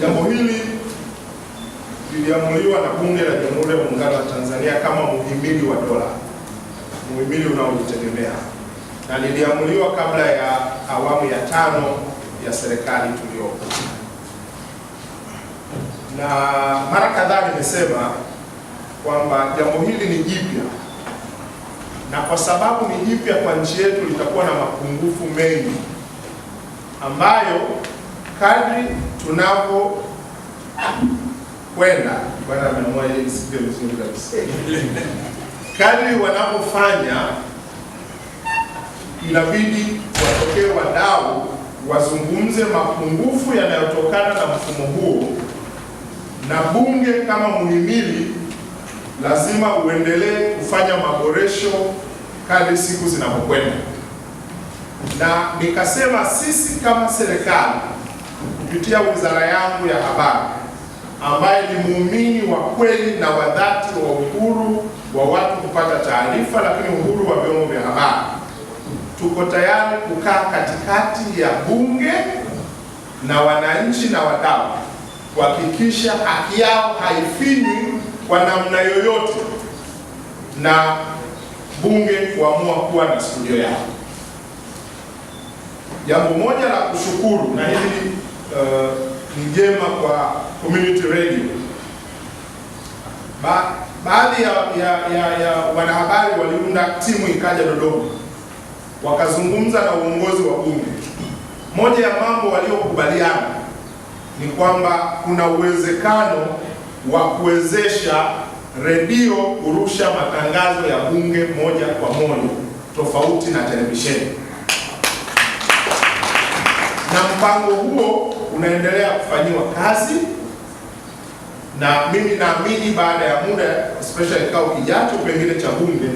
Jambo hili liliamuliwa na Bunge la Jamhuri ya Muungano wa Tanzania kama muhimili wa dola, muhimili unaojitegemea, na liliamuliwa kabla ya awamu ya tano ya serikali tuliyopo, na mara kadhaa nimesema kwamba jambo hili ni jipya, na kwa sababu ni jipya kwa nchi yetu litakuwa na mapungufu mengi ambayo kadri tunapo kwenda bwana ameamua hili sivyo vizuri kabisa. Kadri wanapofanya inabidi watokee wadau wazungumze mapungufu yanayotokana na mfumo huo, na bunge kama muhimili lazima uendelee kufanya maboresho kadri siku zinapokwenda, na nikasema sisi kama serikali kupitia wizara yangu ya habari ambaye ni muumini wa kweli na wa dhati wa uhuru wa watu kupata taarifa, lakini uhuru wa vyombo vya habari. Tuko tayari kukaa katikati ya bunge na wananchi na wadau kuhakikisha haki yao haifini kwa namna yoyote, na bunge kuamua kuwa na studio yao. Jambo moja la kushukuru na hili Uh, njema kwa community radio. Ba, baadhi ya, ya, ya, ya wanahabari waliunda timu ikaja Dodoma wakazungumza na uongozi wa Bunge. Moja ya mambo waliokubaliana ni kwamba kuna uwezekano wa kuwezesha redio kurusha matangazo ya bunge moja kwa moja tofauti na televisheni, na mpango huo unaendelea kufanyiwa kazi, na mimi naamini baada ya muda, especially kikao kijacho pengine cha bunge,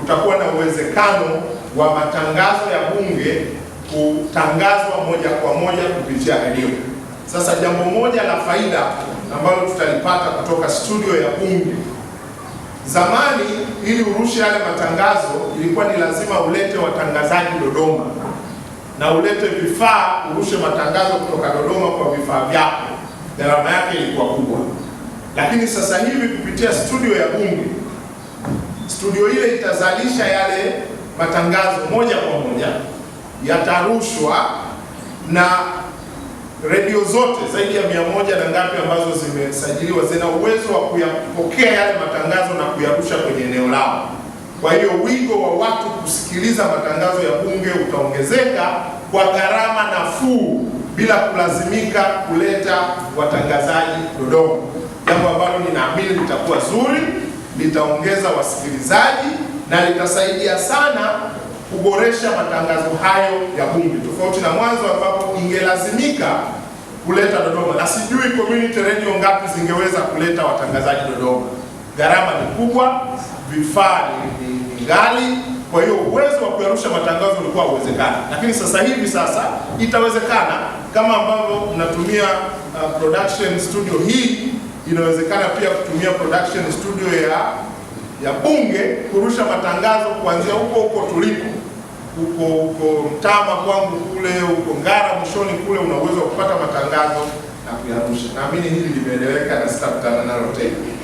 kutakuwa na uwezekano wa matangazo ya bunge kutangazwa moja kwa moja kupitia redio. Sasa jambo moja la faida ambalo tutalipata kutoka studio ya bunge Zamani ili urushe yale matangazo ilikuwa ni lazima ulete watangazaji Dodoma na ulete vifaa, urushe matangazo kutoka Dodoma kwa vifaa vyako. Gharama yake ilikuwa kubwa, lakini sasa hivi kupitia studio ya Bunge, studio ile itazalisha yale matangazo moja kwa moja, yatarushwa na redio zote zaidi ya mia moja na ngapi ambazo zimesajiliwa zina uwezo wa kuyapokea yale matangazo na kuyarusha kwenye eneo lao. Kwa hiyo wigo wa watu kusikiliza matangazo ya bunge utaongezeka kwa gharama nafuu bila kulazimika kuleta watangazaji Dodoma, jambo ambalo ninaamini litakuwa zuri, litaongeza wasikilizaji na litasaidia sana kuboresha matangazo hayo ya bunge, tofauti na mwanzo ambapo ingelazimika kuleta Dodoma, na sijui community radio ngapi zingeweza kuleta watangazaji Dodoma. Gharama ni kubwa vifaa ni ghali, kwa hiyo uwezo wa kuyarusha matangazo ulikuwa uwezekana, lakini sasa hivi sasa itawezekana kama ambavyo mnatumia uh, production studio hii, inawezekana pia kutumia production studio ya ya Bunge kurusha matangazo kuanzia huko huko tulipo huko huko Mtama kwangu kule huko Ngara mwishoni kule, una uwezo wa kupata matangazo na kuyarusha. Naamini hili limeeleweka na sitakutana nalo tena.